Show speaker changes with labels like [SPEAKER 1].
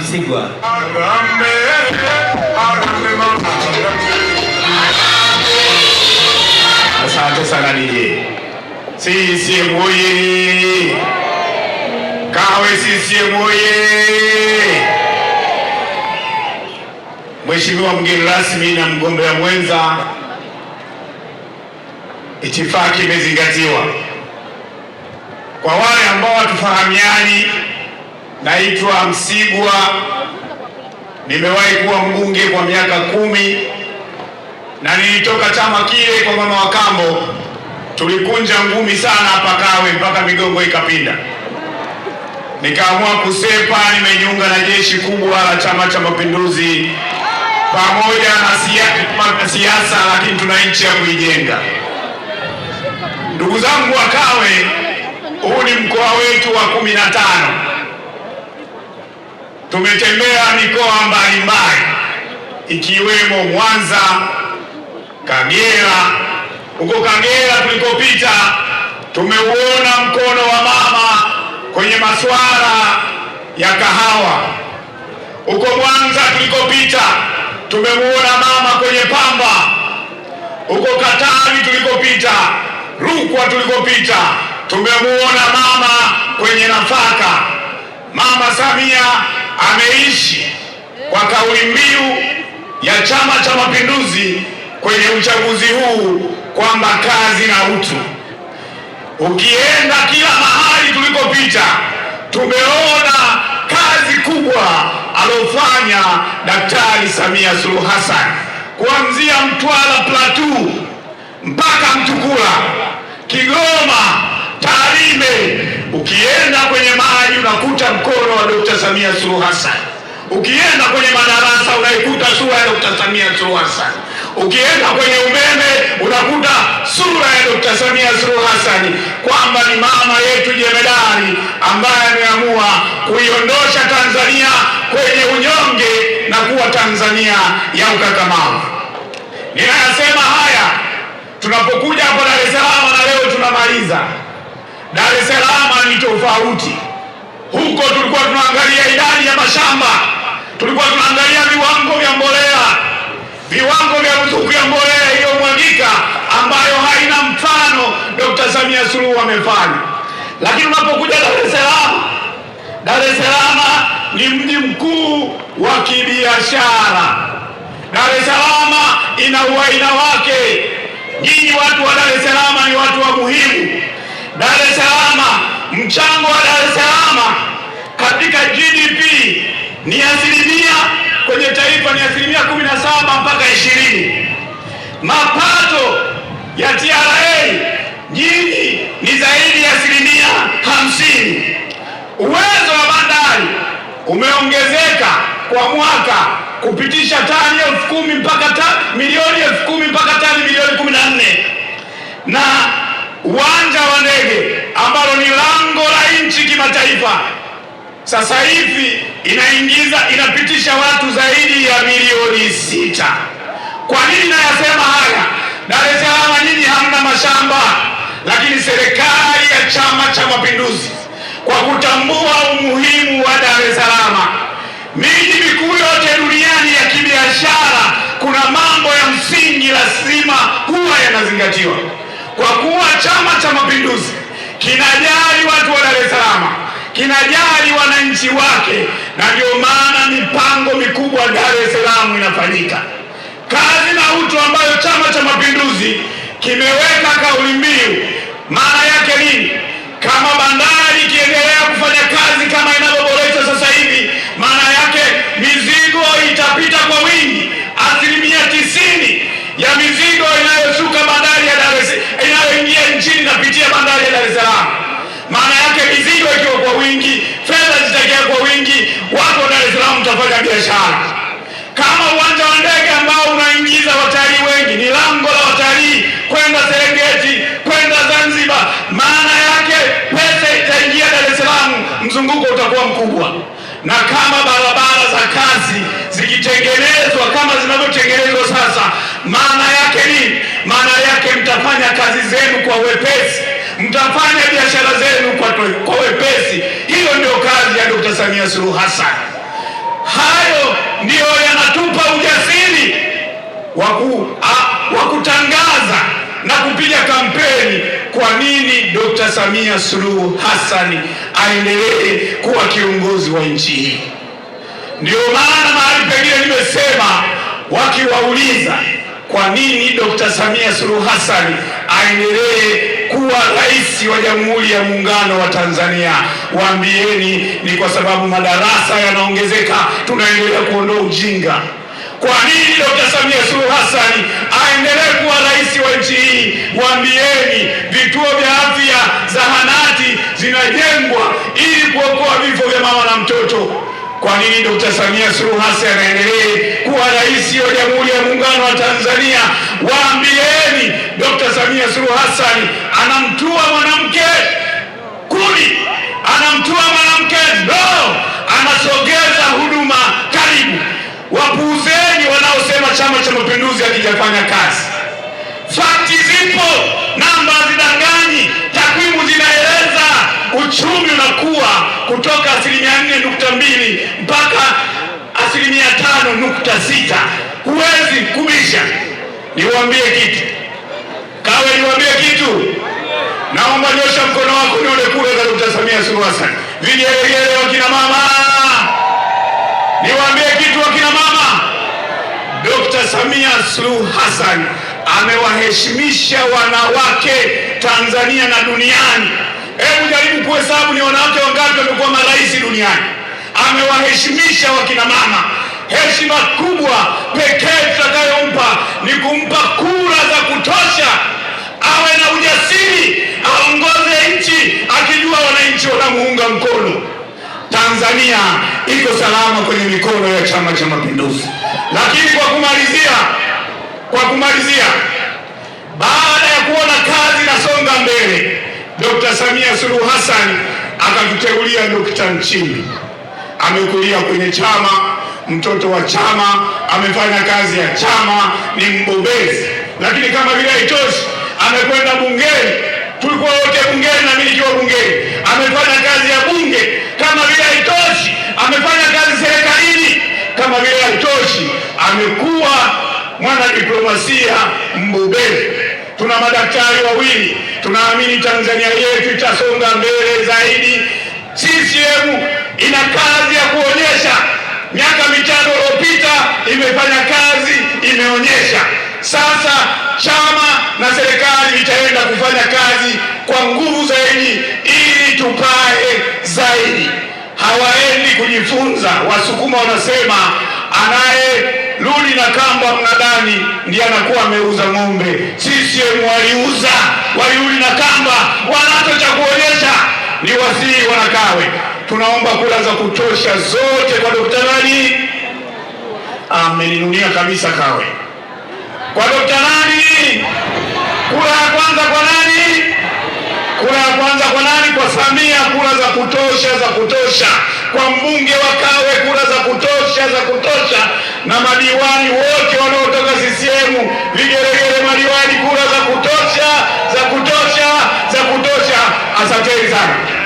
[SPEAKER 1] Msigwa. Asante sana nije CCM oye! Kawe CCM oye! Mheshimiwa mgeni rasmi na mgombea mwenza, itifaki imezingatiwa. Kwa wale ambao hatufahamiani Naitwa Msigwa, nimewahi kuwa mbunge kwa miaka kumi na nilitoka chama kile kwa mama wa kambo. Tulikunja ngumi sana hapa Kawe mpaka migongo ikapinda, nikaamua kusepa. Nimejiunga na jeshi kubwa la Chama cha Mapinduzi pamoja na siasa, lakini tuna nchi ya kuijenga. Ndugu zangu wa Kawe, huu ni mkoa wetu wa kumi na tano. Tumetembea mikoa mbalimbali ikiwemo Mwanza, Kagera. Huko Kagera tulikopita, tumeuona mkono wa mama kwenye masuala ya kahawa. Huko Mwanza tulikopita, tumemuona mama kwenye pamba. Huko Katavi tulikopita, Rukwa tulikopita, tumemuona mama kwenye nafaka. Mama Samia ameishi kwa kauli mbiu ya Chama cha Mapinduzi kwenye uchaguzi huu kwamba kazi na utu. Ukienda kila mahali tulikopita, tumeona kazi kubwa alofanya Daktari Samia Suluhu Hassan kuanzia Mtwara Plateau mpaka Mtukula, Kigoma Ukienda kwenye maji unakuta mkono wa Dr. Samia Suluhu Hassan. Ukienda kwenye madarasa unaikuta sura ya Dr. Samia Suluhu Hassan. Ukienda kwenye umeme unakuta sura ya Dr. Samia Suluhu Hassan, kwamba ni mama yetu jemedari ambaye ameamua kuiondosha Tanzania kwenye unyonge na kuwa Tanzania ya ukakamavu. Ninayasema haya tunapokuja hapa Dar es Salaam tofauti. Huko tulikuwa tunaangalia idadi ya mashamba, tulikuwa tunaangalia viwango vya mbolea, viwango vya ruzuku ya mbolea iliyomwagika ambayo haina mfano. Dr. Samia Suluhu amefanya, lakini unapokuja Dar es Salaam, Dar es Salaam ni mji mkuu wa kibiashara. Dar es Salaam ina uaina wake. Nyinyi watu wa Dar es Salaam ni watu wa muhimu. Dar es Salaam mchango wa Dar es Salaam katika GDP ni asilimia kwenye taifa ni asilimia kumi na saba mpaka ishirini. Mapato ya TRA nyinyi ni zaidi ya asilimia hamsini. Uwezo wa bandari umeongezeka kwa mwaka kupitisha tani elfu kumi mpaka milioni elfu kumi mpaka tani milioni kumi na nne na uwanja wa ndege ambalo ni lango la nchi kimataifa, sasa hivi inaingiza inapitisha watu zaidi ya milioni sita. Kwa nini nayasema haya? Dar es Salaam nyinyi hamna mashamba, lakini serikali ya Chama cha Mapinduzi kwa kutambua umuhimu wa Dar es Salaam, miji mikuu yote duniani ya kibiashara, kuna mambo ya msingi lazima huwa yanazingatiwa kwa kuwa Chama cha Mapinduzi kinajali watu wa Dar es Salaam, kinajali wananchi wake, na ndio maana mipango mikubwa Dar es Salaam inafanyika. Kazi na utu ambayo Chama cha Mapinduzi kimeweka kauli mbiu, maana yake nini? kama bandari utakuwa mkubwa, na kama barabara za kazi zikitengenezwa kama zinavyotengenezwa sasa, maana yake ni Maana yake mtafanya kazi zenu kwa wepesi, mtafanya biashara zenu kwa, kwa wepesi. Hiyo ndio kazi ya Dkt. Samia Suluhu Hassan. Hayo ndiyo yanatupa ujasiri wa kutangaza na kupiga kampeni kwa nini Dr. Samia Suluhu Hassan aendelee kuwa kiongozi wa nchi hii. Ndio maana mahali pengine nimesema, wakiwauliza kwa nini Dr. Samia Suluhu Hassan aendelee kuwa rais wa Jamhuri ya Muungano wa Tanzania, waambieni ni kwa sababu madarasa yanaongezeka, tunaendelea kuondoa ujinga. Kwa nini Dr. Samia Suluhu Hassan aendelee kuwa rais wa nchi hii? Waambieni, vituo vya afya, zahanati zinajengwa ili kuokoa vifo vya mama na mtoto. Kwa nini Dr. Samia Suluhu Hassan aendelee kuwa rais wa Jamhuri ya Muungano wa Tanzania? Waambieni, Dr. Samia Suluhu Hassan anamtua mwanamke kuni, anamtua mwanamke ndoo, anasogeza huduma karibu. Wapuuzeni wanaosema Chama cha Mapinduzi hakijafanya kazi. Fakti zipo, namba zidanganyi, takwimu zinaeleza uchumi unakuwa kutoka asilimia nne nukta mbili mpaka asilimia tano nukta sita Huwezi kubisha. Niwaambie kitu Kawe, niwaambie kitu. Naomba nyosha mkono wako nione kura za Dkt. Samia Suluhu Hassan, vigelegele wakina mama, niwaambie wa kina mama. Dr. Samia Suluhu Hassan amewaheshimisha wanawake Tanzania na duniani. Hebu jaribu kuhesabu ni wanawake wangapi wamekuwa marais duniani. Amewaheshimisha wakina mama. Heshima kubwa pekee tutakayompa ni kumpa kura za kutosha, awe na ujasiri, aongoze nchi akijua wananchi wanamuunga mkono. Tanzania iko salama kwenye mikono ya Chama cha Mapinduzi. Lakini kwa kumalizia, kwa kumalizia, baada ya kuona kazi inasonga mbele, Dr. Samia Suluhu Hassan akatuteulia Dr. Nchimbi. Amekulia kwenye chama, mtoto wa chama, amefanya kazi ya chama, ni mbobezi. Lakini kama vile haitoshi, amekwenda bungeni, tulikuwa wote bungeni na mimi nikiwa bungeni, amefanya kazi ya bunge. Kama vile haitoshi mwana diplomasia mbobevu. Tuna madaktari wawili, tunaamini Tanzania yetu itasonga mbele zaidi. CCM ina kazi ya kuonyesha. Miaka mitano iliyopita imefanya kazi, imeonyesha. Sasa chama na serikali itaenda kufanya kazi kwa nguvu zaidi ili tupae zaidi. Hawaendi kujifunza. Wasukuma wanasema anaye na kamba, mnadani ndiye anakuwa ameuza ng'ombe. CCM waliuza, waliuli na Kamba wanacho cha kuonyesha. Ni wasii Wanakawe, tunaomba kura za kutosha zote kwa Dokta nani ameninunia kabisa Kawe kwa Dokta nani. Kura ya kwanza kwa nani? kula ya kwanza kwa nani? kwa Samia kura za kutosha za kutosha, kwa mbunge wa Kawe kura za kutosha za kutosha, na madiwani wote wanaotoka CCM vigeregere madiwani kura za kutosha za kutosha za kutosha. Asanteni sana.